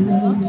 Mm-hmm.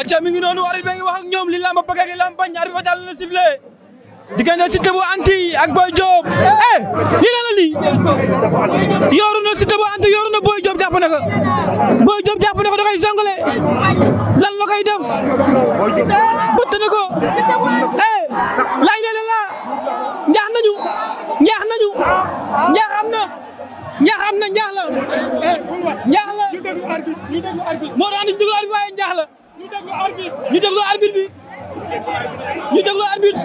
acca mi ngi noonu arbitre bi ngi wax ak ñoom li lamba bëgg ak li lamba bañ arbitre na sifflé diggante Siteu anti ak Boy Diop eh la la lii yooru anti yooru na Boy Diop jàpp na ko Boy Diop def bëtt ko eh laay leele la ñaax la ñaax la eh, moo tax ñu ñu déglu arbitre bi ñu déglu arbitre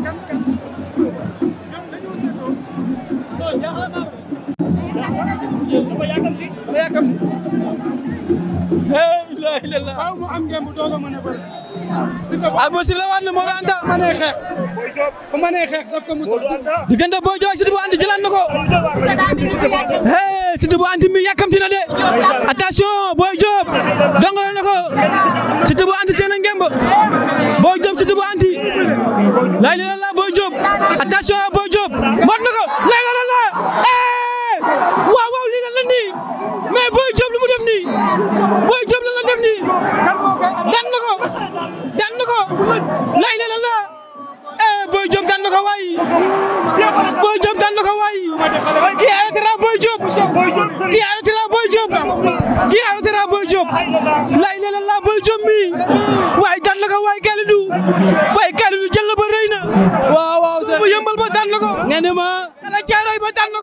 njaaxle la a a bëri. Siteu ah moom Siteu la waat na moo anta bu mënee xeex bu mënee xeex daf ko musul diggante Boy anti jëlaat na ko hey na de attention Boy Diop dongale na ko Siteu anti seen ngemb Boy Diop Siteu anti la ilaha Boy Diop attention na lay ne la Boy Diop waay daan na ko waay Kalidou waay Kalidou jël na na waaw waaw mu yëmbal ba daan na ko nee na ma ala caaray ko